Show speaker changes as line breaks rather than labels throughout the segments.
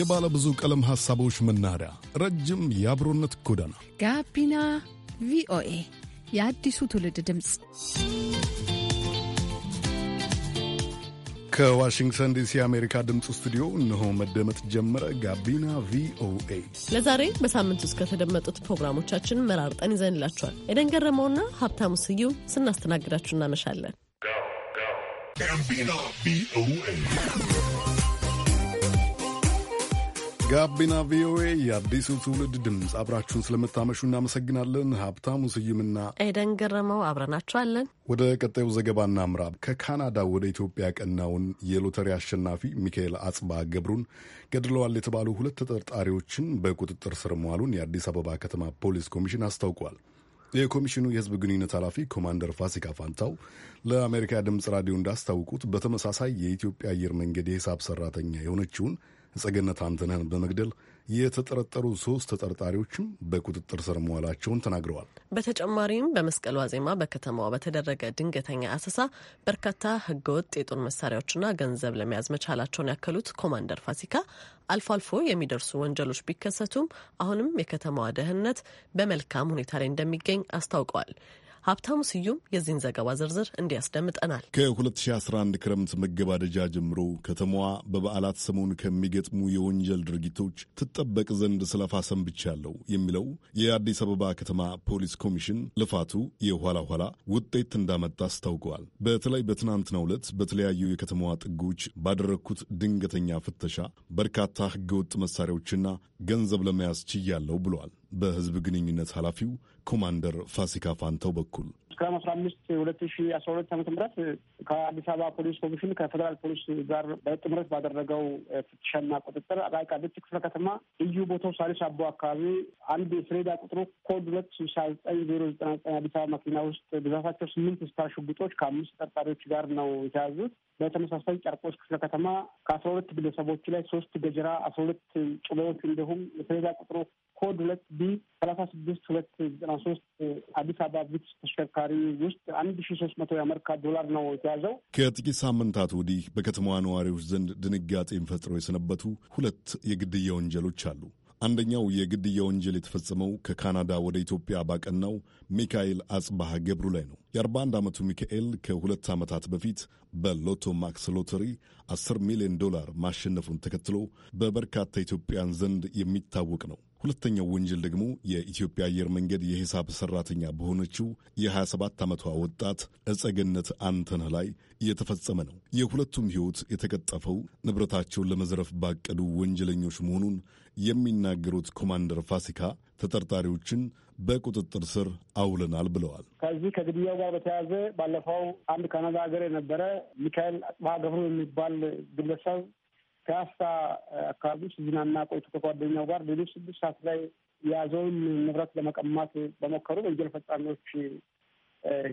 የባለ ብዙ ቀለም ሐሳቦች መናኸሪያ፣ ረጅም የአብሮነት ጎዳና
ጋቢና ቪኦኤ የአዲሱ
ትውልድ ድምፅ
ከዋሽንግተን ዲሲ የአሜሪካ ድምፅ ስቱዲዮ እነሆ መደመጥ ጀመረ። ጋቢና ቪኦኤ
ለዛሬ በሳምንት ውስጥ ከተደመጡት ፕሮግራሞቻችን መራርጠን ይዘንላችኋል። ኤደን ገረመውና ሀብታሙ ስዩም ስናስተናግዳችሁ እናመሻለን።
ጋቢና ቪኦኤ ጋቢና ቪኦኤ የአዲሱ ትውልድ ድምፅ። አብራችሁን ስለምታመሹ እናመሰግናለን። ሀብታሙ ስዩምና
ኤደን ገረመው አብረናችኋለን።
ወደ ቀጣዩ ዘገባና ምራብ ከካናዳ ወደ ኢትዮጵያ ቀናውን የሎተሪ አሸናፊ ሚካኤል አጽባ ገብሩን ገድለዋል የተባሉ ሁለት ተጠርጣሪዎችን በቁጥጥር ስር መዋሉን የአዲስ አበባ ከተማ ፖሊስ ኮሚሽን አስታውቋል። የኮሚሽኑ የሕዝብ ግንኙነት ኃላፊ ኮማንደር ፋሲካ ፋንታው ለአሜሪካ ድምፅ ራዲዮ እንዳስታውቁት በተመሳሳይ የኢትዮጵያ አየር መንገድ የሂሳብ ሰራተኛ የሆነችውን ጸገነት አንተነህን በመግደል የተጠረጠሩ ሶስት ተጠርጣሪዎችም በቁጥጥር ስር መዋላቸውን ተናግረዋል።
በተጨማሪም በመስቀል ዋዜማ በከተማዋ በተደረገ ድንገተኛ አሰሳ በርካታ ህገወጥ የጦር መሳሪያዎችና ገንዘብ ለመያዝ መቻላቸውን ያከሉት ኮማንደር ፋሲካ አልፎ አልፎ የሚደርሱ ወንጀሎች ቢከሰቱም አሁንም የከተማዋ ደህንነት በመልካም ሁኔታ ላይ እንደሚገኝ አስታውቀዋል። ሀብታሙ ስዩም የዚህን ዘገባ ዝርዝር እንዲያስደምጠናል።
ከ2011 ክረምት መገባደጃ ጀምሮ ከተማዋ በበዓላት ሰሞን ከሚገጥሙ የወንጀል ድርጊቶች ትጠበቅ ዘንድ ስለፋሰን ብቻለሁ የሚለው የአዲስ አበባ ከተማ ፖሊስ ኮሚሽን ልፋቱ የኋላ ኋላ ውጤት እንዳመጣ አስታውቀዋል። በተለይ በትናንትናው ዕለት በተለያዩ የከተማዋ ጥጎች ባደረግኩት ድንገተኛ ፍተሻ በርካታ ህገወጥ መሳሪያዎችና ገንዘብ ለመያዝ ችያለሁ ብለዋል። በህዝብ ግንኙነት ኃላፊው ኮማንደር ፋሲካ ፋንታው በኩል
መስከረም አስራ አምስት ሁለት ሺ አስራ ሁለት ዓመተ ምህረት ከአዲስ አበባ ፖሊስ ኮሚሽን ከፌዴራል ፖሊስ ጋር በጥምረት ባደረገው ፍትሻና ቁጥጥር አቃቂ ቃሊቲ ክፍለ ከተማ ልዩ ቦታው ሳሪስ አቦ አካባቢ አንድ የሰሌዳ ቁጥሩ ኮድ ሁለት ስልሳ ዘጠኝ ዜሮ ዘጠና ዘጠኝ አዲስ አበባ መኪና ውስጥ ብዛታቸው ስምንት ስታር ሽጉጦች ከአምስት ተጠርጣሪዎች ጋር ነው የተያዙት። በተመሳሳይ ጨርቆች ክፍለ ከተማ ከአስራ ሁለት ግለሰቦች ላይ ሶስት ገጀራ፣ አስራ ሁለት ጩቤዎች እንዲሁም የሰሌዳ ቁጥሩ ኮድ ሁለት ቢ ሰላሳ ስድስት ሁለት ዘጠና ሶስት አዲስ አበባ ቪትስ ተሽከርካሪ ተሽከርካሪ ውስጥ አንድ ሺ ሶስት መቶ የአሜሪካ ዶላር ነው የተያዘው።
ከጥቂት ሳምንታት ወዲህ በከተማዋ ነዋሪዎች ዘንድ ድንጋጤን ፈጥረው የሰነበቱ ሁለት የግድያ ወንጀሎች አሉ። አንደኛው የግድያ ወንጀል የተፈጸመው ከካናዳ ወደ ኢትዮጵያ ባቀናው ሚካኤል አጽባሃ ገብሩ ላይ ነው። የ41 ዓመቱ ሚካኤል ከሁለት ዓመታት በፊት በሎቶ ማክስ ሎተሪ 10 ሚሊዮን ዶላር ማሸነፉን ተከትሎ በበርካታ ኢትዮጵያን ዘንድ የሚታወቅ ነው። ሁለተኛው ወንጀል ደግሞ የኢትዮጵያ አየር መንገድ የሂሳብ ሰራተኛ በሆነችው የ27 ዓመቷ ወጣት እጸገነት አንተነህ ላይ እየተፈጸመ ነው። የሁለቱም ሕይወት የተቀጠፈው ንብረታቸውን ለመዝረፍ ባቀዱ ወንጀለኞች መሆኑን የሚናገሩት ኮማንደር ፋሲካ ተጠርጣሪዎችን በቁጥጥር ስር አውለናል ብለዋል።
ከዚህ ከግድያው ጋር በተያያዘ ባለፈው አንድ ካናዳ ሀገር የነበረ ሚካኤል አጽባሀ ገብሩ የሚባል ግለሰብ ፒያሳ አካባቢ ዝናና ቆይቶ ከጓደኛው ጋር ሌሎች ስድስት ሰዓት ላይ የያዘውን ንብረት ለመቀማት በሞከሩ ወንጀል ፈጻሚዎች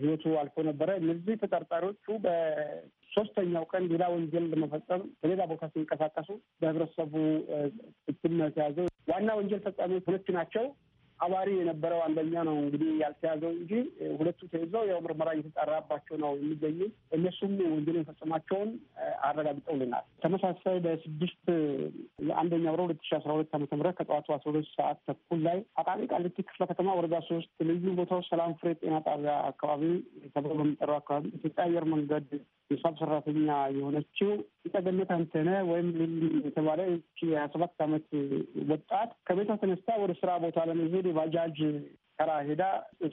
ህይወቱ አልፎ ነበረ። እነዚህ ተጠርጣሪዎቹ በሶስተኛው ቀን ሌላ ወንጀል ለመፈጸም በሌላ ቦታ ሲንቀሳቀሱ በህብረተሰቡ ክትል ተያዘው። ዋና ወንጀል ፈጻሚዎች ሁለት ናቸው። አባሪ የነበረው አንደኛ ነው እንግዲህ ያልተያዘው እንጂ ሁለቱ ተይዘው ያው ምርመራ እየተጣራባቸው ነው የሚገኙ። እነሱም ወንጀል የፈጸማቸውን አረጋግጠውልናል። ተመሳሳይ በስድስት የአንደኛ ወረ ሁለት ሺ አስራ ሁለት ዓመተ ምህረት ከጠዋቱ አስራ ሁለት ሰዓት ተኩል ላይ አቃቂ ቃሊቲ ክፍለ ከተማ ወረዳ ሶስት ልዩ ቦታው ሰላም ፍሬ ጤና ጣቢያ አካባቢ ተብሎ በሚጠራው አካባቢ ኢትዮጵያ አየር መንገድ የሂሳብ ሰራተኛ የሆነችው ጌታገነት አንተነ ወይም ሊሊ የተባለ የሀያ ሰባት አመት ወጣት ከቤቷ ተነስታ ወደ ስራ ቦታ ለመሄድ የባጃጅ ተራ ሄዳ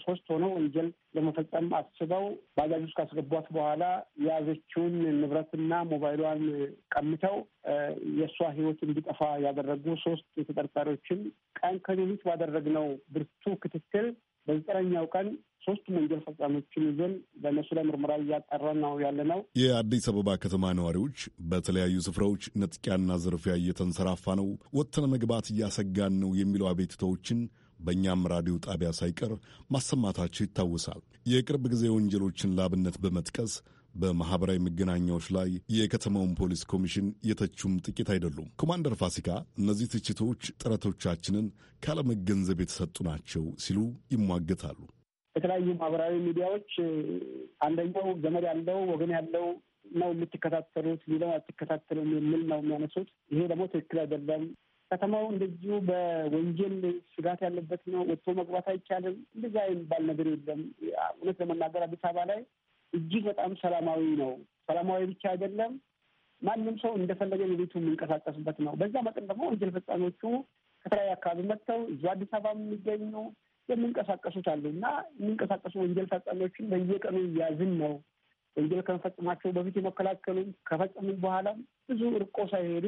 ሶስት ሆነው ወንጀል ለመፈጸም አስበው ባጃጅ ውስጥ ካስገቧት በኋላ የያዘችውን ንብረትና ሞባይሏን ቀምተው የእሷ ህይወት እንዲጠፋ ያደረጉ ሶስት ተጠርጣሪዎችን ቀን ከሌሊት ባደረግነው ብርቱ ክትትል በዘጠነኛው ቀን ሶስት ወንጀል ፈጻሚዎችን ይዘን በእነሱ ላይ ምርመራ እያጠራን ነው ያለ ነው።
የአዲስ አበባ ከተማ ነዋሪዎች በተለያዩ ስፍራዎች ነጥቂያና ዝርፊያ እየተንሰራፋ ነው፣ ወጥተን መግባት እያሰጋን ነው የሚለው አቤትታዎችን በእኛም ራዲዮ ጣቢያ ሳይቀር ማሰማታቸው ይታወሳል። የቅርብ ጊዜ ወንጀሎችን ላብነት በመጥቀስ በማህበራዊ መገናኛዎች ላይ የከተማውን ፖሊስ ኮሚሽን የተቹም ጥቂት አይደሉም። ኮማንደር ፋሲካ እነዚህ ትችቶች ጥረቶቻችንን ካለመገንዘብ የተሰጡ ናቸው ሲሉ ይሟገታሉ።
የተለያዩ ማህበራዊ ሚዲያዎች አንደኛው ዘመድ ያለው ወገን ያለው ነው የምትከታተሉት፣ ሌላው አትከታተሉም የሚል ነው የሚያነሱት። ይሄ ደግሞ ትክክል አይደለም። ከተማው እንደዚሁ በወንጀል ስጋት ያለበት ነው። ወጥቶ መግባት አይቻልም። እንደዚያ የሚባል ነገር የለም። እውነት ለመናገር አዲስ አበባ ላይ እጅግ በጣም ሰላማዊ ነው። ሰላማዊ ብቻ አይደለም፣ ማንም ሰው እንደፈለገ የቤቱ የሚንቀሳቀስበት ነው። በዛ መጠን ደግሞ ወንጀል ፈጻሚዎቹ ከተለያዩ አካባቢ መጥተው እዚሁ አዲስ አበባ የሚገኙ የሚንቀሳቀሱት አሉ እና የሚንቀሳቀሱ ወንጀል ፈጻሚዎችን በየቀኑ እያዝን ነው። ወንጀል ከመፈጽማቸው በፊት የመከላከሉ ከፈጸሙ በኋላም ብዙ እርቆ ሳይሄዱ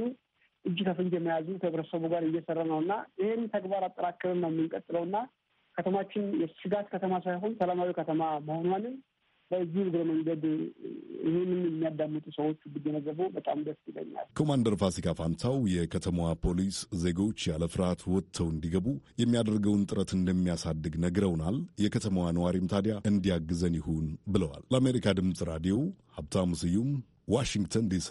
እጅ ከፍንጅ የመያዙ ከህብረተሰቡ ጋር እየሰራ ነው እና ይህን ተግባር አጠራክርን ነው የምንቀጥለው እና ከተማችን የስጋት ከተማ ሳይሆን ሰላማዊ ከተማ መሆኗንም በዚህ እግረ መንገድ ይህንን የሚያዳምጡ ሰዎች ቢገነዘቡ በጣም ደስ ይለኛል።
ኮማንደር ፋሲካ ፋንታው የከተማዋ ፖሊስ ዜጎች ያለ ፍርሃት ወጥተው እንዲገቡ የሚያደርገውን ጥረት እንደሚያሳድግ ነግረውናል። የከተማዋ ነዋሪም ታዲያ እንዲያግዘን ይሁን ብለዋል። ለአሜሪካ ድምፅ ራዲዮ ሀብታሙ ስዩም ዋሽንግተን ዲሲ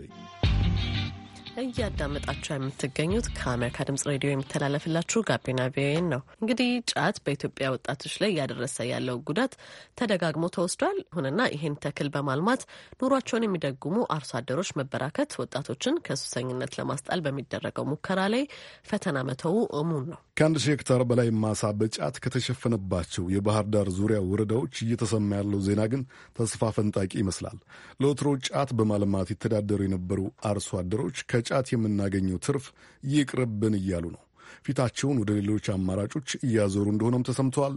እያዳመጣችሁ የምትገኙት ከአሜሪካ ድምጽ ሬዲዮ የሚተላለፍላችሁ ጋቢና ቪኦኤን ነው። እንግዲህ ጫት በኢትዮጵያ ወጣቶች ላይ እያደረሰ ያለው ጉዳት ተደጋግሞ ተወስዷል። ይሁንና ይህን ተክል በማልማት ኑሯቸውን የሚደጉሙ አርሶ አደሮች መበራከት ወጣቶችን ከሱሰኝነት ለማስጣል በሚደረገው ሙከራ ላይ ፈተና መተው እሙን ነው። ከአንድ
ሺህ ሄክታር በላይ ማሳ በጫት ከተሸፈነባቸው የባህር ዳር ዙሪያ ወረዳዎች እየተሰማ ያለው ዜና ግን ተስፋ ፈንጣቂ ይመስላል። ለወትሮ ጫት በማልማት ይተዳደሩ የነበሩ አርሶ አደሮች ከጫት የምናገኘው ትርፍ ይቅርብን እያሉ ነው። ፊታቸውን ወደ ሌሎች አማራጮች እያዞሩ እንደሆነም ተሰምተዋል።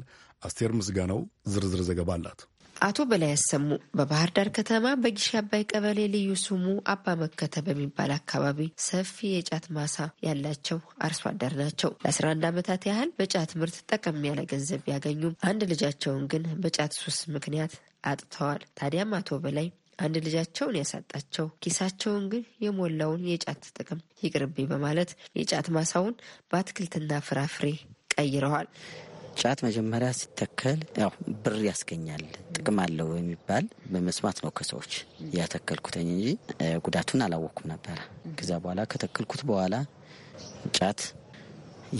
አስቴር ምስጋናው ዝርዝር ዘገባ አላት።
አቶ በላይ ያሰሙ በባህር ዳር ከተማ በጊሽ አባይ ቀበሌ ልዩ ስሙ አባ መከተ በሚባል አካባቢ ሰፊ የጫት ማሳ ያላቸው አርሶ አደር ናቸው። ለ11 ዓመታት ያህል በጫት ምርት ጠቀም ያለ ገንዘብ ቢያገኙም አንድ ልጃቸውን ግን በጫት ሱስ ምክንያት አጥተዋል። ታዲያም አቶ በላይ አንድ ልጃቸውን ያሳጣቸው ኪሳቸውን ግን የሞላውን የጫት ጥቅም ይቅርብኝ በማለት የጫት ማሳውን በአትክልትና ፍራፍሬ
ቀይረዋል። ጫት መጀመሪያ ሲተከል ያው ብር ያስገኛል ጥቅም አለው የሚባል በመስማት ነው ከሰዎች ያተከልኩትኝ እንጂ ጉዳቱን አላወቅኩም ነበረ። ከዛ በኋላ ከተከልኩት በኋላ ጫት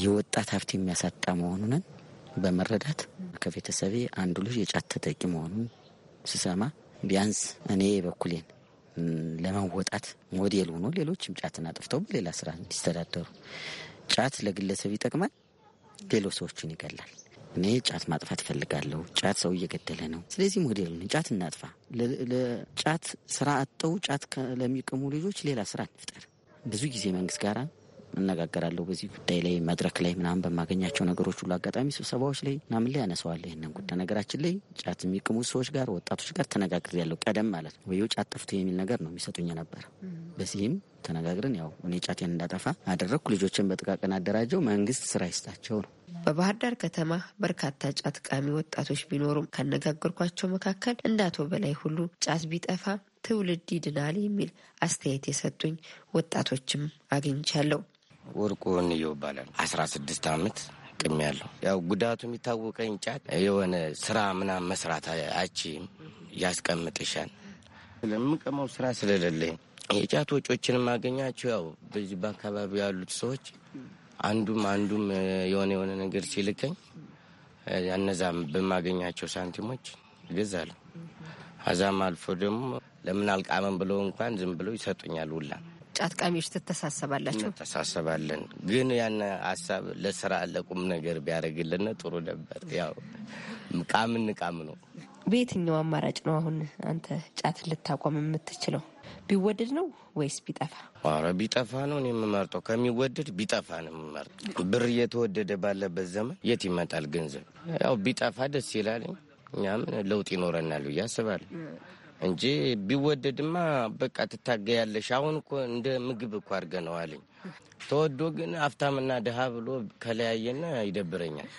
የወጣት ሀብት የሚያሳጣ መሆኑንን በመረዳት ከቤተሰቤ አንዱ ልጅ የጫት ተጠቂ መሆኑን ስሰማ ቢያንስ እኔ በኩሌን ለመወጣት ሞዴል ሆኖ ሌሎችም ጫትን አጥፍተው በሌላ ስራ እንዲስተዳደሩ። ጫት ለግለሰብ ይጠቅማል፣ ሌሎች ሰዎችን ይገላል። እኔ ጫት ማጥፋት እፈልጋለሁ። ጫት ሰው እየገደለ ነው። ስለዚህ ሞዴል ሆነ ጫት እናጥፋ። ለጫት ስራ አጠው ጫት ለሚቀሙ ልጆች ሌላ ስራ እንፍጠር። ብዙ ጊዜ መንግስት ጋራ እነጋገራለሁ በዚህ ጉዳይ ላይ መድረክ ላይ ምናምን በማገኛቸው ነገሮች ሁሉ አጋጣሚ ስብሰባዎች ላይ ምናምን ላይ ያነሰዋል ይህንን ጉዳይ። ነገራችን ላይ ጫት የሚቅሙ ሰዎች ጋር ወጣቶች ጋር ተነጋግር ያለው ቀደም ማለት ነው ወይ ጫት ጠፍቶ የሚል ነገር ነው የሚሰጡኝ ነበር። በዚህም ተነጋግረን ያው እኔ ጫቴን እንዳጠፋ አደረግኩ። ልጆችን በጥቃቅን አደራጀው መንግስት ስራ ይስጣቸው
ነው። በባህር ዳር ከተማ በርካታ ጫት ቃሚ ወጣቶች ቢኖሩም ካነጋገርኳቸው መካከል እንደ አቶ በላይ ሁሉ ጫት ቢጠፋ ትውልድ ይድናል የሚል አስተያየት የሰጡኝ ወጣቶችም
አግኝቻለሁ። ወርቁ ወንየው ይባላል። አስራ ስድስት አመት ቅም ያለው ያው ጉዳቱ የሚታወቀኝ ጫት የሆነ ስራ ምናም መስራት አቺም ያስቀምጥሻል። ስለምቀመው ስራ ስለሌለኝ የጫት ወጮችን ማገኛቸው ያው በዚህ በአካባቢ ያሉት ሰዎች አንዱም አንዱም የሆነ የሆነ ነገር ሲልከኝ እነዛ በማገኛቸው ሳንቲሞች ይገዛሉ አዛም አልፎ ደግሞ ለምን አልቃመን ብለው እንኳን ዝም ብለው ይሰጡኛል ውላ
ጫት ቃሚዎች ትተሳሰባላችሁ?
ተሳሰባለን። ግን ያን ሀሳብ ለስራ ለቁም ነገር ቢያደርግልን ጥሩ ነበር። ያው ቃምን ቃም ነው።
በየትኛው አማራጭ ነው አሁን አንተ ጫት ልታቆም የምትችለው? ቢወደድ ነው ወይስ ቢጠፋ?
ኧረ ቢጠፋ ነው እኔ የምመርጠው። ከሚወደድ ቢጠፋ ነው የምመርጠው። ብር እየተወደደ ባለበት ዘመን የት ይመጣል ገንዘብ? ያው ቢጠፋ ደስ ይላል። እኛም ለውጥ ይኖረናል ብዬ አስባለሁ። እንጂ ቢወደድማ በቃ ትታገያለሽ። አሁን እኮ እንደ ምግብ እኮ አድርገነዋልኝ። ተወዶ ግን አፍታምና ድሃ ብሎ ከለያየና ይደብረኛል።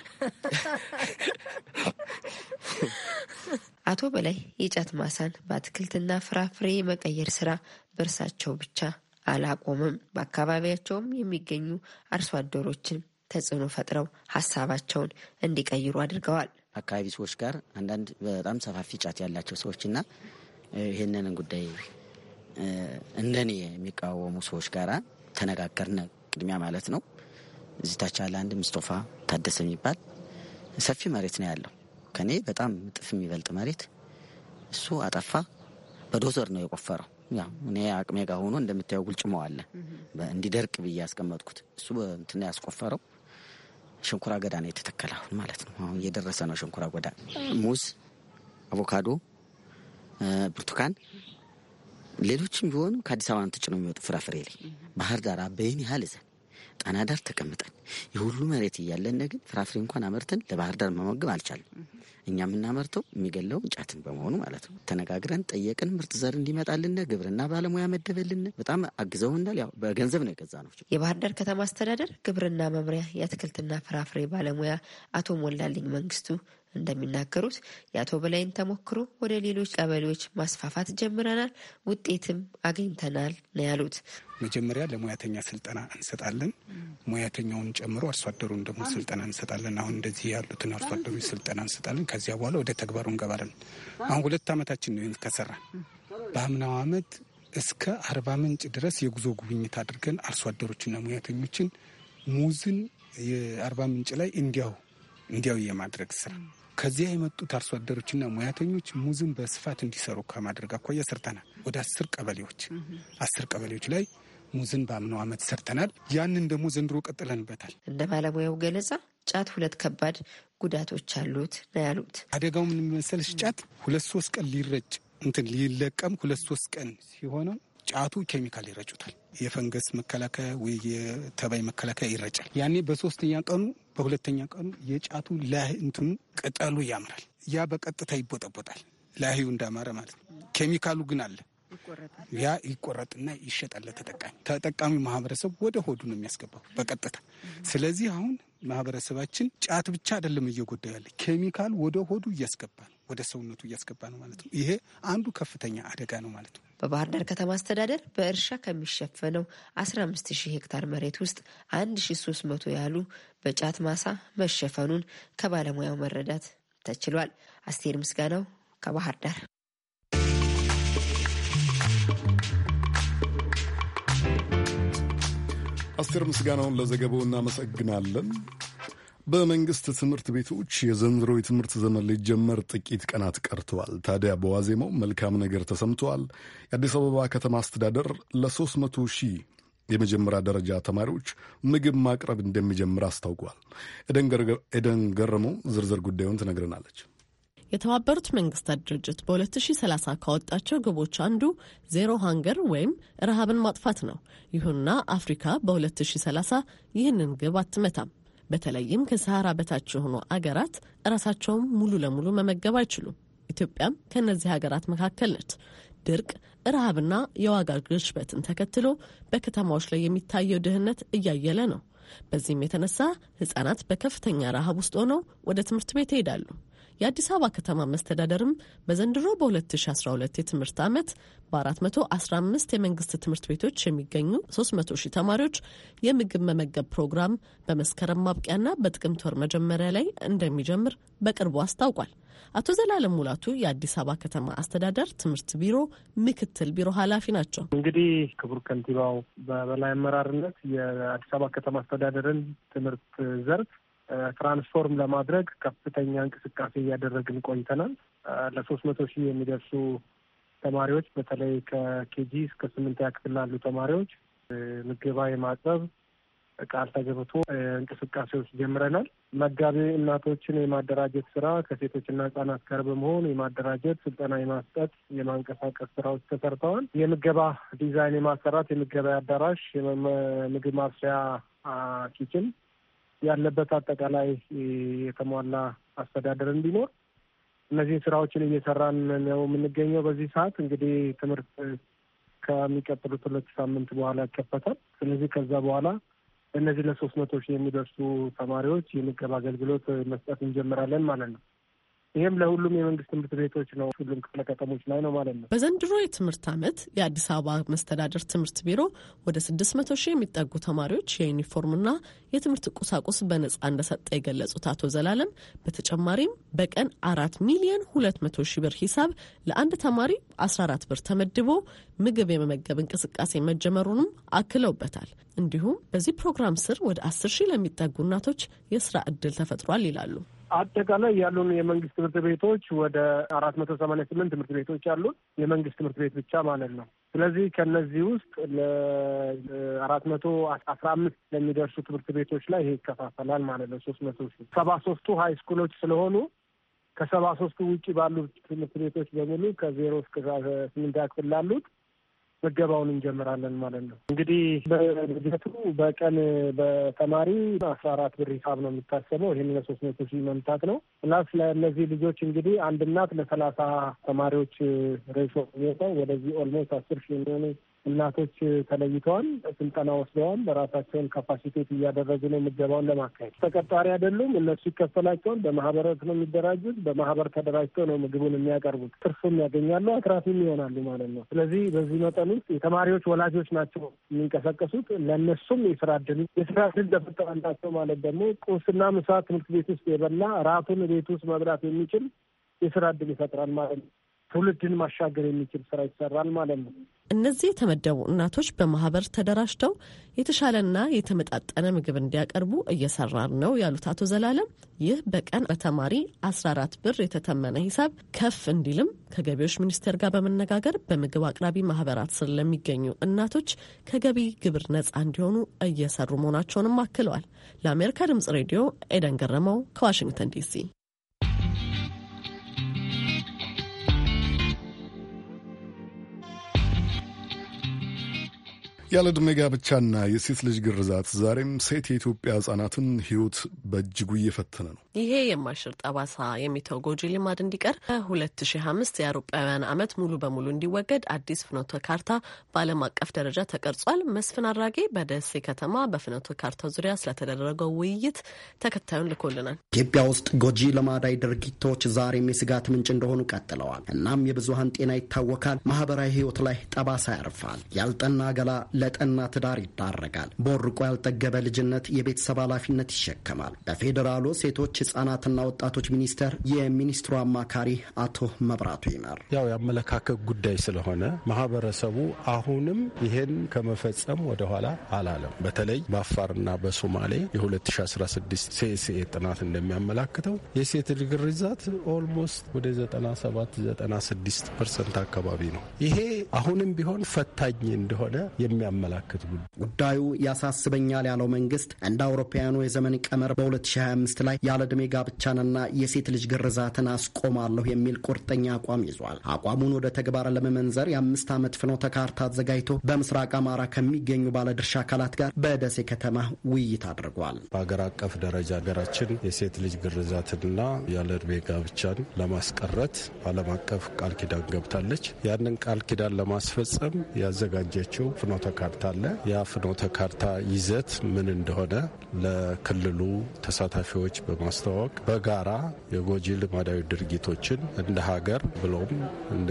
አቶ
በላይ የጫት ማሳን በአትክልትና ፍራፍሬ የመቀየር ስራ በእርሳቸው ብቻ አላቆምም። በአካባቢያቸውም የሚገኙ አርሶ አደሮችን ተጽዕኖ ፈጥረው ሀሳባቸውን እንዲቀይሩ አድርገዋል። አካባቢ ሰዎች ጋር አንዳንድ በጣም ሰፋፊ ጫት
ያላቸው ሰዎችና ይህንን ጉዳይ እንደኔ የሚቃወሙ ሰዎች ጋር ተነጋገርነ። ቅድሚያ ማለት ነው እዚህ ታች ያለ አንድ ምስቶፋ ታደሰ የሚባል ሰፊ መሬት ነው ያለው ከኔ በጣም እጥፍ የሚበልጥ መሬት እሱ አጠፋ። በዶዘር ነው የቆፈረው። ያው እኔ አቅሜ ጋር ሆኖ እንደምታየው ጉልጭመው አለ እንዲደርቅ ብዬ ያስቀመጥኩት እሱ እንትን ያስቆፈረው ሽንኩራ ገዳ ነው የተተከለ አሁን ማለት ነው። አሁን እየደረሰ ነው ሽንኩራ ገዳ፣ ሙዝ፣ አቮካዶ ብርቱካን፣ ሌሎችም ቢሆኑ ከአዲስ አበባ ነው ተጭነው የሚወጡ ፍራፍሬ ላይ ባህር ዳር አበይን ያህል ዘን ጣና ዳር ተቀምጠን የሁሉ መሬት እያለን ግን ፍራፍሬ እንኳን አመርተን ለባህር ዳር መመገብ አልቻለም። እኛ የምናመርተው የሚገለው እንጫትን በመሆኑ ማለት ነው። ተነጋግረን ጠየቅን። ምርጥ ዘር እንዲመጣልን ግብርና ባለሙያ መደበልን። በጣም አግዘውናል። ያው በገንዘብ ነው የገዛ ነው።
የባህር ዳር ከተማ አስተዳደር ግብርና መምሪያ የአትክልትና ፍራፍሬ ባለሙያ አቶ ሞላልኝ መንግስቱ እንደሚናገሩት የአቶ በላይን ተሞክሮ ወደ ሌሎች ቀበሌዎች ማስፋፋት ጀምረናል፣ ውጤትም አግኝተናል ነው ያሉት።
መጀመሪያ ለሙያተኛ ስልጠና እንሰጣለን። ሙያተኛውን ጨምሮ አርሶአደሩን ደግሞ ስልጠና እንሰጣለን። አሁን እንደዚህ ያሉትን አርሶአደሩ ስልጠና እንሰጣለን። ከዚያ በኋላ ወደ ተግባሩ እንገባለን። አሁን ሁለት ዓመታችን ነው ከሰራ በአምናው ዓመት እስከ አርባ ምንጭ ድረስ የጉዞ ጉብኝት አድርገን አርሶአደሮችና ሙያተኞችን ሙዝን የአርባ ምንጭ ላይ እንዲያው እንዲያው የማድረግ ስራ ከዚያ የመጡት አርሶ አደሮችና ሙያተኞች ሙዝን በስፋት እንዲሰሩ ከማድረግ አኳያ ሰርተናል። ወደ አስር ቀበሌዎች አስር ቀበሌዎች ላይ
ሙዝን በአምነው ዓመት ሰርተናል። ያንን ደግሞ ዘንድሮ ቀጥለንበታል። እንደ ባለሙያው ገለጻ ጫት ሁለት ከባድ ጉዳቶች አሉት ነው ያሉት። አደጋው ምን መሰለሽ? ጫት ሁለት
ሶስት ቀን ሊረጭ እንትን ሊለቀም ሁለት ሶስት ቀን ሲሆነው ጫቱ ኬሚካል ይረጩታል። የፈንገስ መከላከያ ወይ የተባይ መከላከያ ይረጫል። ያኔ በሶስተኛ ቀኑ በሁለተኛ ቀኑ የጫቱ ላይ እንትኑ ቅጠሉ ያምራል። ያ በቀጥታ ይቦጠቦጣል። ላህዩ እንዳማረ ማለት ነው። ኬሚካሉ ግን አለ። ያ ይቆረጥና ይሸጣል ለተጠቃሚ። ተጠቃሚ ማህበረሰብ ወደ ሆዱ ነው የሚያስገባው በቀጥታ። ስለዚህ አሁን ማህበረሰባችን ጫት ብቻ አይደለም እየጎዳው ያለ፣ ኬሚካል ወደ ሆዱ እያስገባ ነው፣ ወደ ሰውነቱ እያስገባ ነው
ማለት ነው። ይሄ አንዱ ከፍተኛ አደጋ ነው ማለት ነው። በባህር ዳር ከተማ አስተዳደር በእርሻ ከሚሸፈነው 15 ሄክታር መሬት ውስጥ 1300 ያሉ በጫት ማሳ መሸፈኑን ከባለሙያው መረዳት ተችሏል። አስቴር ምስጋናው ከባህር ዳር
አስቴር ምስጋናውን ለዘገባው እናመሰግናለን። በመንግስት ትምህርት ቤቶች የዘንድሮ የትምህርት ዘመን ሊጀመር ጥቂት ቀናት ቀርተዋል። ታዲያ በዋዜማው መልካም ነገር ተሰምተዋል። የአዲስ አበባ ከተማ አስተዳደር ለ300 ሺህ የመጀመሪያ ደረጃ ተማሪዎች ምግብ ማቅረብ እንደሚጀምር አስታውቋል።
ኤደን ገረመው ዝርዝር ጉዳዩን ትነግረናለች። የተባበሩት መንግስታት ድርጅት በ2030 ካወጣቸው ግቦች አንዱ ዜሮ ሃንገር ወይም ረሃብን ማጥፋት ነው። ይሁንና አፍሪካ በ2030 ይህንን ግብ አትመታም። በተለይም ከሰሃራ በታች የሆኑ አገራት እራሳቸውን ሙሉ ለሙሉ መመገብ አይችሉም። ኢትዮጵያም ከእነዚህ ሀገራት መካከል ነች። ድርቅ፣ ረሃብና የዋጋ ግሽበትን ተከትሎ በከተማዎች ላይ የሚታየው ድህነት እያየለ ነው። በዚህም የተነሳ ህጻናት በከፍተኛ ረሃብ ውስጥ ሆነው ወደ ትምህርት ቤት ይሄዳሉ። የአዲስ አበባ ከተማ መስተዳደርም በዘንድሮ በ2012 የትምህርት ዓመት በ415 የመንግስት ትምህርት ቤቶች የሚገኙ 300 ሺህ ተማሪዎች የምግብ መመገብ ፕሮግራም በመስከረም ማብቂያና በጥቅምት ወር መጀመሪያ ላይ እንደሚጀምር በቅርቡ አስታውቋል። አቶ ዘላለም ሙላቱ የአዲስ አበባ ከተማ አስተዳደር ትምህርት ቢሮ ምክትል ቢሮ ኃላፊ ናቸው። እንግዲህ
ክቡር ከንቲባው በበላይ አመራርነት የአዲስ አበባ ከተማ አስተዳደርን ትምህርት ዘርፍ ትራንስፎርም ለማድረግ ከፍተኛ እንቅስቃሴ እያደረግን ቆይተናል። ለሶስት መቶ ሺህ የሚደርሱ ተማሪዎች በተለይ ከኬጂ እስከ ስምንተኛ ክፍል ላሉ ተማሪዎች ምገባ የማቅረብ ቃል ተገብቶ እንቅስቃሴዎች ጀምረናል። መጋቢ እናቶችን የማደራጀት ስራ ከሴቶችና ህጻናት ጋር በመሆን የማደራጀት ስልጠና የማስጠት የማንቀሳቀስ ስራዎች ተሰርተዋል። የምገባ ዲዛይን የማሰራት የምገባ አዳራሽ፣ ምግብ ማብሰያ ኪችን ያለበት አጠቃላይ የተሟላ አስተዳደር እንዲኖር እነዚህ ስራዎችን እየሰራን ነው የምንገኘው። በዚህ ሰዓት እንግዲህ ትምህርት ከሚቀጥሉት ሁለት ሳምንት በኋላ ይከፈታል። ስለዚህ ከዛ በኋላ እነዚህ ለሶስት መቶ ሺህ የሚደርሱ ተማሪዎች የምገባ አገልግሎት መስጠት እንጀምራለን ማለት ነው። ይህም ለሁሉም የመንግስት ትምህርት ቤቶች ነው፣ ሁሉም ክፍለ ከተሞች ላይ ነው ማለት ነው።
በዘንድሮ የትምህርት ዓመት የአዲስ አበባ መስተዳደር ትምህርት ቢሮ ወደ ስድስት መቶ ሺህ የሚጠጉ ተማሪዎች የዩኒፎርምና የትምህርት ቁሳቁስ በነጻ እንደሰጠ የገለጹት አቶ ዘላለም በተጨማሪም በቀን አራት ሚሊዮን ሁለት መቶ ሺህ ብር ሂሳብ ለአንድ ተማሪ አስራ አራት ብር ተመድቦ ምግብ የመመገብ እንቅስቃሴ መጀመሩንም አክለውበታል። እንዲሁም በዚህ ፕሮግራም ስር ወደ አስር ሺህ ለሚጠጉ እናቶች የስራ እድል ተፈጥሯል ይላሉ።
አጠቃላይ ያሉን የመንግስት ትምህርት ቤቶች ወደ አራት መቶ ሰማንያ ስምንት ትምህርት ቤቶች አሉን የመንግስት ትምህርት ቤት ብቻ ማለት ነው። ስለዚህ ከነዚህ ውስጥ ለአራት መቶ አስራ አምስት ለሚደርሱ ትምህርት ቤቶች ላይ ይሄ ይከፋፈላል ማለት ነው። ሶስት መቶ ሺህ ሰባ ሶስቱ ሀይ ስኩሎች ስለሆኑ ከሰባ ሶስቱ ውጭ ባሉት ትምህርት ቤቶች በሙሉ ከዜሮ እስከ ስምንት ያክፍል ላሉት ምገባውን እንጀምራለን ማለት ነው። እንግዲህ በበጀቱ በቀን በተማሪ አስራ አራት ብር ሂሳብ ነው የሚታሰበው። ይህን ለሶስት መቶ ሺህ መምታት ነው። እና ስለ እነዚህ ልጆች እንግዲህ አንድ እናት ለሰላሳ ተማሪዎች ሬሾ የሚወጣው ወደዚህ ኦልሞስት አስር ሺህ የሚሆኑ እናቶች ተለይተዋል፣ ስልጠና ወስደዋል። በራሳቸውን ካፓሲቴት እያደረጉ ነው ምደባውን ለማካሄድ። ተቀጣሪ አይደሉም እነሱ ይከፈላቸዋል። በማህበረት ነው የሚደራጁት። በማህበር ተደራጅተው ነው ምግቡን የሚያቀርቡት። ትርፉም ያገኛሉ፣ አትራፊም ይሆናሉ ማለት ነው። ስለዚህ በዚህ መጠን ውስጥ የተማሪዎች ወላጆች ናቸው የሚንቀሳቀሱት። ለእነሱም የስራ እድል የስራ እድል ተፈጠረላቸው ማለት ደግሞ ቁርስና ምሳ ትምህርት ቤት ውስጥ የበላ ራቱን ቤት ውስጥ መብላት የሚችል የስራ እድል ይፈጥራል ማለት ነው። ትውልድን ማሻገር የሚችል ስራ ይሰራል ማለት ነው።
እነዚህ የተመደቡ እናቶች በማህበር ተደራጅተው የተሻለና የተመጣጠነ ምግብ እንዲያቀርቡ እየሰራን ነው ያሉት አቶ ዘላለም ይህ በቀን በተማሪ 14 ብር የተተመነ ሂሳብ ከፍ እንዲልም ከገቢዎች ሚኒስቴር ጋር በመነጋገር በምግብ አቅራቢ ማህበራት ስር ለሚገኙ እናቶች ከገቢ ግብር ነጻ እንዲሆኑ እየሰሩ መሆናቸውንም አክለዋል። ለአሜሪካ ድምጽ ሬዲዮ ኤደን ገረመው ከዋሽንግተን ዲሲ
ያለ ዕድሜ ጋብቻና የሴት ልጅ ግርዛት ዛሬም ሴት የኢትዮጵያ ህጻናትን ህይወት በእጅጉ እየፈተነ ነው።
ይሄ የማሽር ጠባሳ የሚተው ጎጂ ልማድ እንዲቀር ከ 2005 የአውሮፓውያን ዓመት ሙሉ በሙሉ እንዲወገድ አዲስ ፍኖተ ካርታ በዓለም አቀፍ ደረጃ ተቀርጿል። መስፍን አድራጌ በደሴ ከተማ በፍኖተ ካርታ ዙሪያ ስለተደረገው ውይይት ተከታዩን ልኮልናል።
ኢትዮጵያ ውስጥ ጎጂ ልማዳዊ ድርጊቶች ዛሬም የስጋት ምንጭ እንደሆኑ ቀጥለዋል። እናም የብዙሀን ጤና ይታወካል፣ ማህበራዊ ህይወት ላይ ጠባሳ ያርፋል። ያልጠና ገላ ለጠና ትዳር ይዳረጋል። በወርቆ ያልጠገበ ልጅነት የቤተሰብ ኃላፊነት ይሸከማል። በፌዴራሉ ሴቶች ህጻናትና ወጣቶች ሚኒስቴር የሚኒስትሩ አማካሪ አቶ መብራቱ ይመር ያው የአመለካከት ጉዳይ ስለሆነ ማህበረሰቡ አሁንም ይሄን ከመፈጸም
ወደኋላ አላለም። በተለይ በአፋርና በሶማሌ የ2016 ሴሴ ጥናት እንደሚያመላክተው የሴት ልጅ ግርዛት ኦልሞስት ወደ 9796 ፐርሰንት አካባቢ ነው።
ይሄ አሁንም ቢሆን ፈታኝ እንደሆነ የሚያመላክት ጉዳዩ ያሳስበኛል ያለው መንግስት እንደ አውሮፓውያኑ የዘመን ቀመር በ2025 ላይ ያለ በዕድሜ ጋብቻንና የሴት ልጅ ግርዛትን አስቆማለሁ የሚል ቁርጠኛ አቋም ይዟል። አቋሙን ወደ ተግባር ለመመንዘር የአምስት ዓመት ፍኖተ ካርታ አዘጋጅቶ በምስራቅ አማራ ከሚገኙ ባለድርሻ አካላት ጋር በደሴ ከተማ
ውይይት አድርጓል። በሀገር አቀፍ ደረጃ ሀገራችን የሴት ልጅ ግርዛትንና ያለ ጋብቻን ለማስቀረት ዓለም አቀፍ ቃል ኪዳን ገብታለች። ያንን ቃል ኪዳን ለማስፈጸም ያዘጋጀችው ፍኖተ ካርታ አለ። ያ ፍኖተ ካርታ ይዘት ምን እንደሆነ ለክልሉ ተሳታፊዎች በማስ በማስተዋወቅ በጋራ የጎጂ ልማዳዊ ድርጊቶችን እንደ ሀገር ብሎም እንደ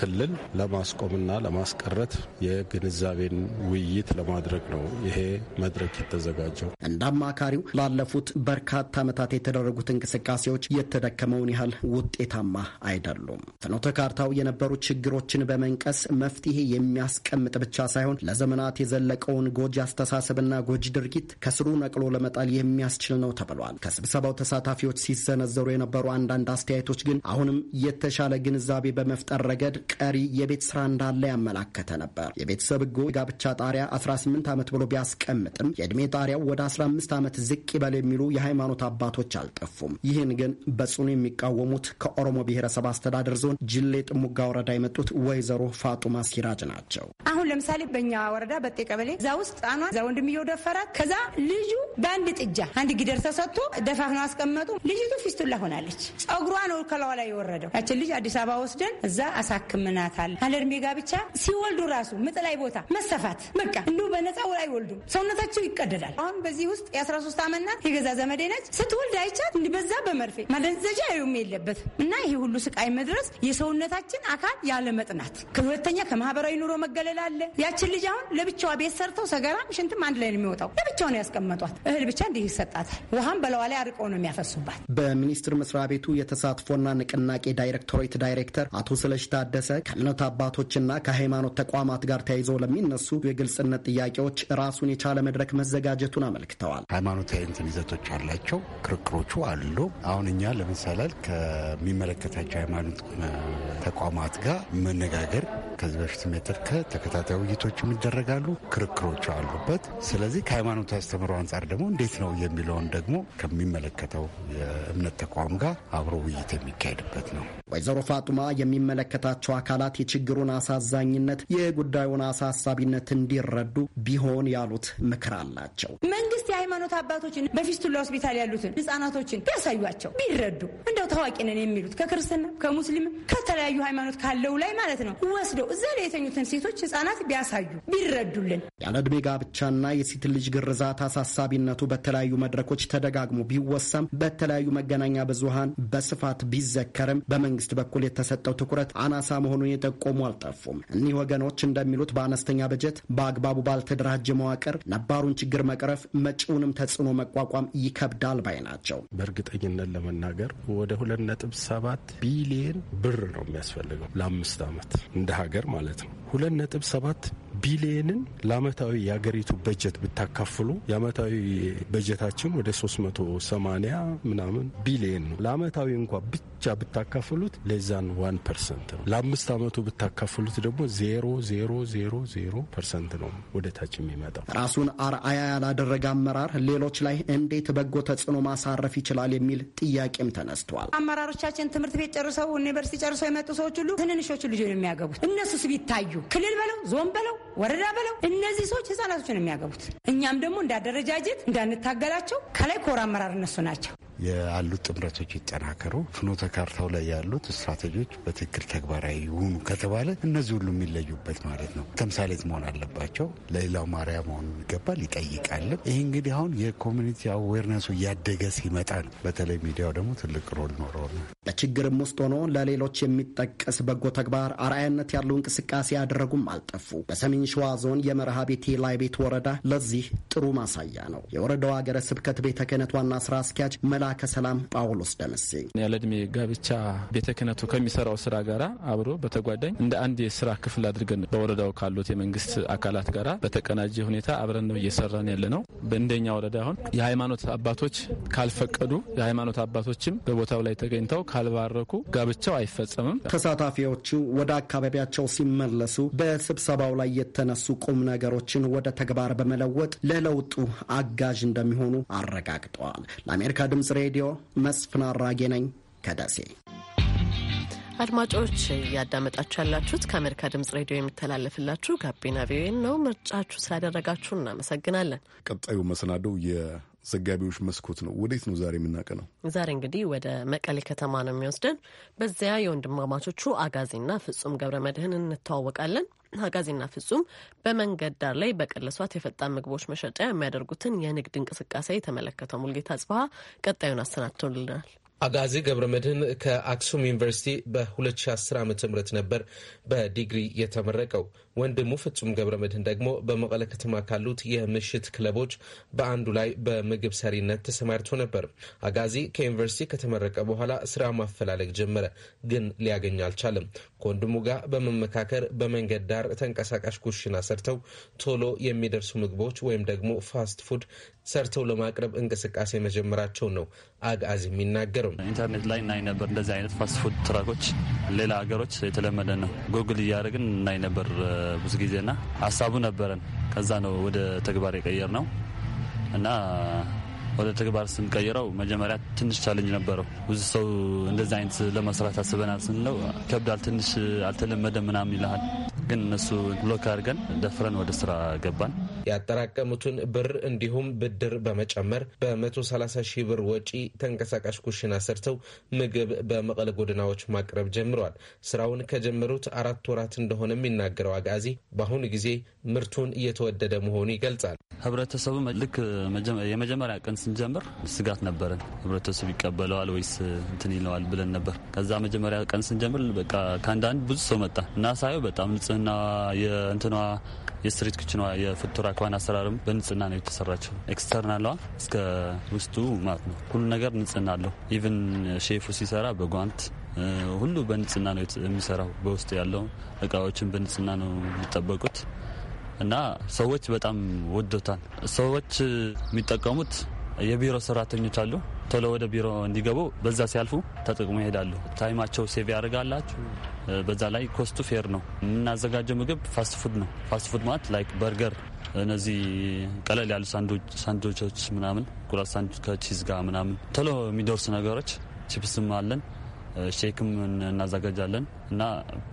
ክልል ለማስቆምና ለማስቀረት የግንዛቤን ውይይት ለማድረግ ነው ይሄ መድረክ የተዘጋጀው።
እንደ አማካሪው ላለፉት በርካታ ዓመታት የተደረጉት እንቅስቃሴዎች የተደከመውን ያህል ውጤታማ አይደሉም። ፍኖተ ካርታው የነበሩ ችግሮችን በመንቀስ መፍትሄ የሚያስቀምጥ ብቻ ሳይሆን ለዘመናት የዘለቀውን ጎጂ አስተሳሰብና ጎጂ ድርጊት ከስሩ ነቅሎ ለመጣል የሚያስችል ነው ተብሏል። ከስብሰባው ተሳታፊዎች ሲሰነዘሩ የነበሩ አንዳንድ አስተያየቶች ግን አሁንም የተሻለ ግንዛቤ በመፍጠር ረገድ ቀሪ የቤት ስራ እንዳለ ያመላከተ ነበር። የቤተሰብ ሕጉ ጋብቻ ጣሪያ 18 ዓመት ብሎ ቢያስቀምጥም የዕድሜ ጣሪያው ወደ 15 ዓመት ዝቅ ይበል የሚሉ የሃይማኖት አባቶች አልጠፉም። ይህን ግን በጽኑ የሚቃወሙት ከኦሮሞ ብሔረሰብ አስተዳደር ዞን ጅሌ ጥሙጋ ወረዳ የመጡት ወይዘሮ ፋጡማ ሲራጅ ናቸው።
አሁን ለምሳሌ በእኛ ወረዳ በጤ ቀበሌ እዛ ውስጥ ጣኗ እዛ ወንድምየው ደፈራት። ከዛ ልጁ በአንድ ጥጃ አንድ ጊደር ተሰጥቶ ደፋፍና ካስቀመጡ ልጅቱ ፊስቱላ ሆናለች። ጸጉሯ ነው ከላዋ ላይ የወረደው። ያችን ልጅ አዲስ አበባ ወስደን እዛ አሳክምናታል። አለእድሜ ጋብቻ ሲወልዱ ራሱ ምጥ ላይ ቦታ መሰፋት በቃ እንዲሁ በነፃው ላይ ወልዱ ሰውነታቸው ይቀደዳል። አሁን በዚህ ውስጥ የ13 ዓመት ናት የገዛ ዘመዴ ነች። ስትወልድ አይቻት እንዲህ በዛ በመርፌ ማደንዘጃ ዩም የለበት እና ይሄ ሁሉ ስቃይ መድረስ የሰውነታችን አካል ያለመጥናት ከሁለተኛ ከማህበራዊ ኑሮ መገለል አለ። ያችን ልጅ አሁን ለብቻዋ ቤት ሰርተው ሰገራም ሽንትም አንድ ላይ ነው የሚወጣው። ለብቻውን ያስቀመጧት እህል ብቻ እንዲህ ይሰጣታል። ውሃም በለዋ ላይ አርቀው ነው የሚያፈሱባት።
በሚኒስቴር መስሪያ ቤቱ የተሳትፎና ንቅናቄ ዳይሬክቶሬት ዳይሬክተር አቶ ስለሽ ታደሰ ከእምነት አባቶችና ከሃይማኖት ተቋማት ጋር ተያይዘው ለሚነሱ የግልጽነት ጥያቄዎች ራሱን የቻለ መድረክ መዘጋጀቱን
አመልክተዋል። ሃይማኖታዊ እንትን ይዘቶች አላቸው፣ ክርክሮቹ አሉ። አሁን እኛ ለምሳሌ ከሚመለከታቸው ሃይማኖት ተቋማት ጋር መነጋገር ከዚህ በፊት ሜትር ከተከታታይ ውይይቶች ይደረጋሉ፣ ክርክሮቹ አሉበት። ስለዚህ ከሃይማኖት አስተምሮ አንጻር ደግሞ እንዴት ነው የሚለውን ደግሞ ከሚመለከት ከሚመለከተው የእምነት ተቋም ጋር አብሮ ውይይት የሚካሄድበት ነው።
ወይዘሮ ፋጡማ የሚመለከታቸው አካላት የችግሩን አሳዛኝነት፣ የጉዳዩን አሳሳቢነት እንዲረዱ ቢሆን ያሉት ምክር አላቸው።
መንግስት የሃይማኖት አባቶችን በፊስቱላ ሆስፒታል ያሉትን ህጻናቶችን ቢያሳዩቸው ቢረዱ፣ እንደው ታዋቂ ነን የሚሉት ከክርስትና ከሙስሊምም ከተለያዩ ሃይማኖት ካለው ላይ ማለት ነው ወስደው እዛ ላይ የተኙትን ሴቶች ህጻናት ቢያሳዩ ቢረዱልን።
ያለ ዕድሜ ጋብቻና የሴት ልጅ ግርዛት አሳሳቢነቱ በተለያዩ መድረኮች ተደጋግሞ ቢወሳ ዳሰሳም በተለያዩ መገናኛ ብዙሃን በስፋት ቢዘከርም በመንግስት በኩል የተሰጠው ትኩረት አናሳ መሆኑን የጠቆሙ አልጠፉም። እኒህ ወገኖች እንደሚሉት በአነስተኛ በጀት በአግባቡ ባልተደራጀ መዋቅር ነባሩን ችግር መቅረፍ፣ መጪውንም ተጽዕኖ መቋቋም ይከብዳል ባይ ናቸው። በእርግጠኝነት ለመናገር ወደ ሁለት ነጥብ ሰባት ቢሊየን ብር ነው የሚያስፈልገው
ለአምስት ዓመት እንደ ሀገር ማለት ነው። ሁለት ነጥብ ሰባት ቢሊየንን ለአመታዊ የሀገሪቱ በጀት ብታካፍሉ የአመታዊ በጀታችን ወደ 380 ምናምን ቢሊየን ነው። ለአመታዊ እንኳ ብቻ ብታካፍሉት ለዛን ዋን ፐርሰንት ነው። ለአምስት አመቱ ብታካፍሉት ደግሞ ዜሮ ዜሮ ዜሮ ዜሮ ፐርሰንት ነው ወደ ታች
የሚመጣው። ራሱን አርአያ ያላደረገ አመራር ሌሎች ላይ እንዴት በጎ ተጽዕኖ ማሳረፍ ይችላል የሚል ጥያቄም ተነስቷል።
አመራሮቻችን ትምህርት ቤት ጨርሰው ዩኒቨርሲቲ ጨርሰው የመጡ ሰዎች ሁሉ ትንንሾች ልጆች ነው የሚያገቡት። እነሱስ ቢታዩ ክልል በለው ዞን በለው ወረዳ በለው እነዚህ ሰዎች ህጻናቶች ነው የሚያገቡት። እኛም ደግሞ እንዳደረጃጀት እንዳንታገላቸው ከላይ ኮር አመራር እነሱ ናቸው
ያሉት ጥምረቶች ይጠናከሩ ፍኖተ በካርታው ላይ ያሉት ስትራቴጂዎች በትክክል ተግባራዊ ይሁኑ ከተባለ እነዚህ ሁሉ የሚለዩበት ማለት ነው። ተምሳሌት መሆን አለባቸው። ለሌላው ማርያ መሆን ይገባል፣ ይጠይቃል። ይህ እንግዲህ አሁን የኮሚኒቲ አዌርነሱ እያደገ ሲመጣ ነው። በተለይ ሚዲያው ደግሞ ትልቅ ሮል ኖረው ነው።
በችግርም ውስጥ ሆኖ ለሌሎች የሚጠቀስ በጎ ተግባር አርአያነት ያለው እንቅስቃሴ ያደረጉም አልጠፉ። በሰሜን ሸዋ ዞን የመርሃ ቤቴ ላይ ቤት ወረዳ ለዚህ ጥሩ ማሳያ ነው። የወረዳው ሀገረ ስብከት ቤተ ክህነት ዋና ስራ አስኪያጅ መላከ ሰላም ጳውሎስ ደመሴ
ያለ ጋብቻ ቤተ ክህነቱ ከሚሰራው ስራ ጋር አብሮ በተጓዳኝ እንደ አንድ የስራ ክፍል አድርገን በወረዳው ካሉት የመንግስት አካላት ጋራ በተቀናጀ ሁኔታ አብረን ነው እየሰራን ያለ ነው። በእንደኛ ወረዳ አሁን የሃይማኖት አባቶች ካልፈቀዱ የሃይማኖት አባቶችም በቦታው ላይ ተገኝተው ካልባረኩ ጋብቻው አይፈጸምም።
ተሳታፊዎቹ ወደ አካባቢያቸው ሲመለሱ በስብሰባው ላይ የተነሱ ቁም ነገሮችን ወደ ተግባር በመለወጥ ለለውጡ አጋዥ እንደሚሆኑ አረጋግጠዋል። ለአሜሪካ ድምጽ ሬዲዮ መስፍን አራጌ ነኝ ከደሴ
አድማጮች እያዳመጣችሁ ያላችሁት ከአሜሪካ ድምጽ ሬዲዮ የሚተላለፍላችሁ ጋቢና ቪኦኤ ነው። ምርጫችሁ ስላደረጋችሁ እናመሰግናለን።
ቀጣዩ መሰናዶው የዘጋቢዎች መስኮት ነው። ወዴት ነው ዛሬ
ነው? ዛሬ እንግዲህ ወደ መቀሌ ከተማ ነው የሚወስደን። በዚያ የወንድማማቾቹ አጋዜና ፍጹም ገብረ መድህን እንተዋወቃለን። አጋዜና ፍጹም በመንገድ ዳር ላይ በቀለሷት የፈጣን ምግቦች መሸጫ የሚያደርጉትን የንግድ እንቅስቃሴ የተመለከተው ሙልጌታ ጽበሀ ቀጣዩን አሰናድቶልናል።
አጋዚ ገብረ መድህን ከአክሱም ዩኒቨርሲቲ በ2010 ዓ ም ነበር በዲግሪ የተመረቀው። ወንድሙ ፍጹም ገብረ መድህን ደግሞ በመቀለ ከተማ ካሉት የምሽት ክለቦች በአንዱ ላይ በምግብ ሰሪነት ተሰማርቶ ነበር። አጋዚ ከዩኒቨርሲቲ ከተመረቀ በኋላ ስራ ማፈላለግ ጀመረ፣ ግን ሊያገኝ አልቻለም። ከወንድሙ ጋር በመመካከር በመንገድ ዳር ተንቀሳቃሽ ኩሽና ሰርተው ቶሎ የሚደርሱ ምግቦች ወይም ደግሞ ፋስት ፉድ ሰርተው ለማቅረብ እንቅስቃሴ መጀመራቸው ነው አጋዚ የሚናገረው። ኢንተርኔት ላይ እናይ ነበር እንደዚህ አይነት ፋስት ፉድ ትራኮች ሌላ ሀገሮች
የተለመደ ነው። ጉግል እያደረግን እናይ ነበር ብዙ ጊዜና ሀሳቡ ነበረን። ከዛ ነው ወደ ተግባር የቀየር ነው እና ወደ ተግባር ስንቀይረው መጀመሪያ ትንሽ ቻለንጅ ነበረው። ብዙ ሰው እንደዚህ አይነት ለመስራት አስበናል ስንለው ከብዳል፣ ትንሽ አልተለመደ ምናምን ይልሃል። ግን እነሱ ብሎክ አድርገን ደፍረን ወደ ስራ ገባን።
ያጠራቀሙትን ብር እንዲሁም ብድር በመጨመር በ130 ሺህ ብር ወጪ ተንቀሳቃሽ ኩሽና ሰርተው ምግብ በመቀለ ጎድናዎች ማቅረብ ጀምረዋል። ስራውን ከጀመሩት አራት ወራት እንደሆነ የሚናገረው አጋዚ በአሁኑ ጊዜ ምርቱን እየተወደደ መሆኑ ይገልጻል።
ህብረተሰቡ ልክ የመጀመሪያ ቀን ስንጀምር ስጋት ነበረን። ህብረተሰብ ይቀበለዋል ወይስ እንትን ይለዋል ብለን ነበር። ከዛ መጀመሪያ ቀን ስንጀምር በቃ ከአንዳንድ ብዙ ሰው መጣ እና ሳየው በጣም ንጽህና የእንትኗ የስትሪት ክችኗ ኳን አሰራርም በንጽህና ነው የተሰራቸው። ኤክስተርናሏ እስከ ውስጡ ማለት ነው ሁሉ ነገር ንጽህና አለው። ኢቭን ሼፉ ሲሰራ በጓንት ሁሉ በንጽህና ነው የሚሰራው። በውስጡ ያለው እቃዎችን በንጽህና ነው የሚጠበቁት እና ሰዎች በጣም ወዶታል። ሰዎች የሚጠቀሙት የቢሮ ሰራተኞች አሉ። ቶሎ ወደ ቢሮ እንዲገቡ በዛ ሲያልፉ ተጠቅሞ ይሄዳሉ። ታይማቸው ሴቭ ያደርጋላችሁ። በዛ ላይ ኮስቱ ፌር ነው። የምናዘጋጀው ምግብ ፋስት ፉድ ነው። ፋስት ፉድ ማለት ላይክ በርገር፣ እነዚህ ቀለል ያሉ ሳንዶቾች ምናምን፣ እንቁላል ሳንዶች ከቺዝ ጋር ምናምን፣ ቶሎ የሚደርሱ ነገሮች ቺፕስም አለን ሼክም እናዘጋጃለን እና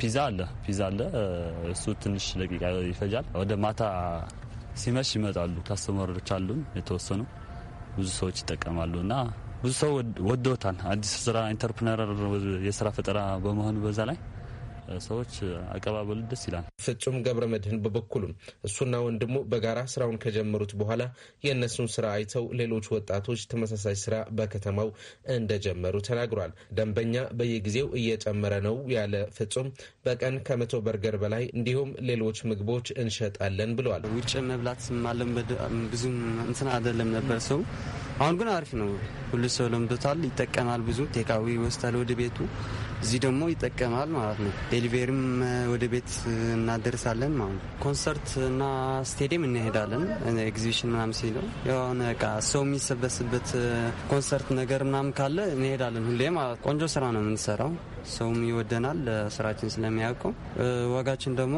ፒዛ አለ ፒዛ አለ። እሱ ትንሽ ደቂቃ ይፈጃል። ወደ ማታ ሲመሽ ይመጣሉ። ካስተመሮች አሉን የተወሰኑ ብዙ ሰዎች ይጠቀማሉ እና ብዙ ሰው ወዶታል። አዲስ ስራ ኢንተርፕነር የስራ ፈጠራ በመሆኑ በዛ ላይ
ሰዎች አቀባበሉ ደስ ይላል። ፍጹም ገብረ መድህን በበኩሉም እሱና ወንድሙ በጋራ ስራውን ከጀመሩት በኋላ የእነሱን ስራ አይተው ሌሎች ወጣቶች ተመሳሳይ ስራ በከተማው እንደጀመሩ ተናግሯል። ደንበኛ በየጊዜው እየጨመረ ነው ያለ ፍጹም በቀን ከመቶ በርገር በላይ እንዲሁም ሌሎች ምግቦች እንሸጣለን ብለዋል። ውጭ መብላት ማለም ብዙም እንትን አይደለም ነበር ሰው አሁን ግን አሪፍ ነው። ሁሉ ሰው
ለምዶታል፣ ይጠቀማል። ብዙ ቴካዊ ወስታል ወደ ቤቱ እዚህ ደግሞ ይጠቀማል ማለት ነው። ዴሊቬሪም ወደ ቤት እናደርሳለን ማለት ነው። ኮንሰርት እና ስቴዲየም እንሄዳለን። ኤግዚቢሽን ምናም ሲለው የሆነ እቃ ሰው የሚሰበስበት ኮንሰርት ነገር ምናም ካለ እንሄዳለን ሁሌ ማለት ቆንጆ ስራ ነው የምንሰራው። ሰውም ይወደናል ስራችን ስለሚያውቀው። ዋጋችን ደግሞ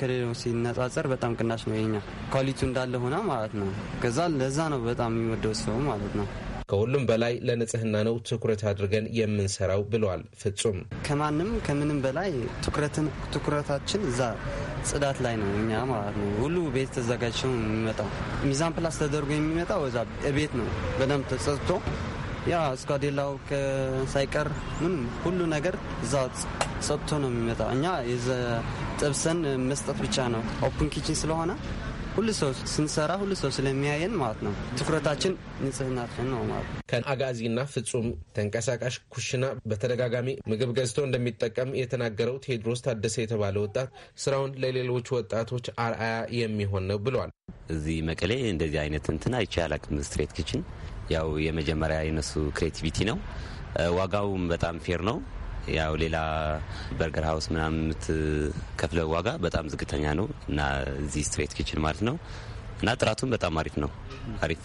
ከሌላው ሲነጻጸር በጣም ቅናሽ ነው የኛ ኳሊቲ እንዳለ
ሆና ማለት ነው። ከዛ ለዛ ነው በጣም የሚወደው ሰው ማለት ነው። ከሁሉም በላይ ለንጽህና ነው ትኩረት አድርገን የምንሰራው ብለዋል። ፍጹም ከማንም ከምንም በላይ
ትኩረታችን እዛ
ጽዳት ላይ ነው። እኛ ማለት ነው ሁሉ ቤት ተዘጋጅቶ ነው
የሚመጣው። ሚዛን ፕላስ ተደርጎ የሚመጣው እዛ ቤት ነው በደንብ ተጸጥቶ ያ እስኳዴላው ሳይቀር ምንም ሁሉ ነገር እዛ ጸጥቶ ነው የሚመጣ። እኛ ጥብሰን መስጠት ብቻ ነው ኦፕን ኪችን ስለሆነ ሁሉ ሰው
ስንሰራ ሁሉ ሰው ስለሚያየን ማለት ነው። ትኩረታችን ንጽህናችን ነው ማለት ነው። ከአጋዚና ፍጹም ተንቀሳቃሽ ኩሽና በተደጋጋሚ ምግብ ገዝቶ እንደሚጠቀም የተናገረው ቴድሮስ ታደሰ የተባለ ወጣት ስራውን ለሌሎች ወጣቶች አርአያ የሚሆን ነው ብሏል።
እዚህ መቀሌ እንደዚህ አይነት እንትን አይቼ አላቅም። ስትሬት ክችን ያው የመጀመሪያ የነሱ ክሬቲቪቲ ነው። ዋጋውም በጣም ፌር ነው። ያው ሌላ በርገር ሀውስ ምናምን የምትከፍለው ዋጋ በጣም ዝቅተኛ ነው እና እዚህ ስትሬት ኪችን ማለት ነው እና ጥራቱም በጣም አሪፍ ነው። አሪፍ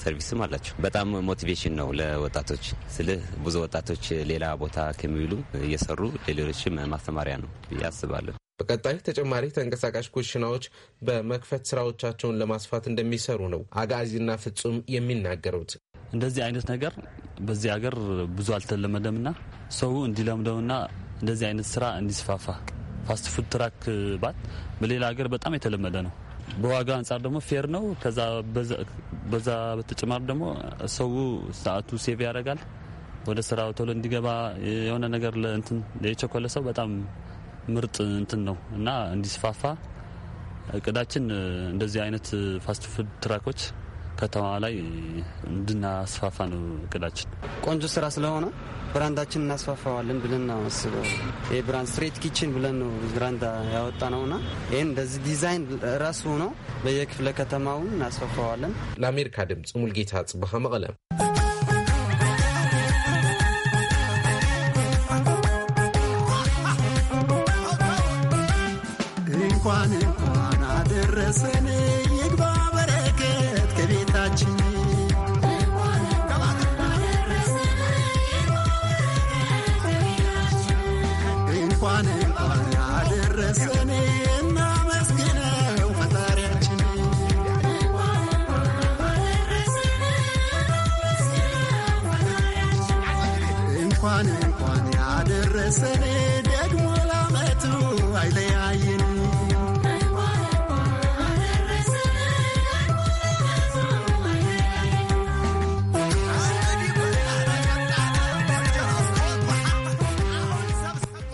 ሰርቪስም አላቸው። በጣም ሞቲቬሽን ነው ለወጣቶች ስልህ ብዙ ወጣቶች ሌላ ቦታ ከሚውሉ እየሰሩ ለሌሎችም ማስተማሪያ ነው ያስባለሁ። አስባለሁ።
በቀጣይ ተጨማሪ ተንቀሳቃሽ ኩሽናዎች በመክፈት ስራዎቻቸውን ለማስፋት እንደሚሰሩ ነው አጋዚና ፍጹም የሚናገሩት። እንደዚህ አይነት ነገር
በዚህ ሀገር ብዙ አልተለመደምና ሰው እንዲለምደውና እንደዚህ አይነት ስራ እንዲስፋፋ ፋስት ፉድ ትራክ ባት በሌላ ሀገር በጣም የተለመደ ነው። በዋጋ አንጻር ደግሞ ፌር ነው። ከዛ በዛ በተጨማሪ ደግሞ ሰው ሰዓቱ ሴቭ ያደርጋል። ወደ ስራው ቶሎ እንዲገባ የሆነ ነገር ለእንትን የቸኮለ ሰው በጣም ምርጥ እንትን ነው እና እንዲስፋፋ እቅዳችን እንደዚህ አይነት ፋስት ፉድ ትራኮች ከተማ ላይ እንድናስፋፋ ነው እቅዳችን።
ቆንጆ ስራ ስለሆነ ብራንዳችን እናስፋፋዋለን ብለን ነው አስበው። ይህ ብራንድ ስትሬት ኪችን ብለን ነው ብራንዳ ያወጣ ነውና ይህን እንደዚህ ዲዛይን ራሱ ነው በየክፍለ
ከተማውን እናስፋፋዋለን። ለአሜሪካ ድምፅ ሙልጌታ ጽብሃ መቀለም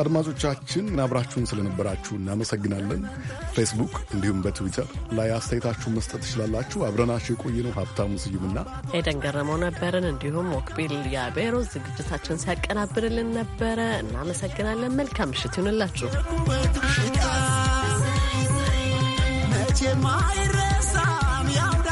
አድማጮቻችን አብራችሁን ስለነበራችሁ እናመሰግናለን። ፌስቡክ እንዲሁም በትዊተር ላይ አስተያየታችሁን መስጠት ትችላላችሁ። አብረናችሁ የቆየነው ሀብታሙ ስዩምና
ኤደን ገረመው ነበርን። እንዲሁም ወክቢል ያቤሮ ዝግጅታችን ሲያቀናብርልን ነበረ። እናመሰግናለን። መልካም ምሽት ይሁንላችሁ። ማይረሳም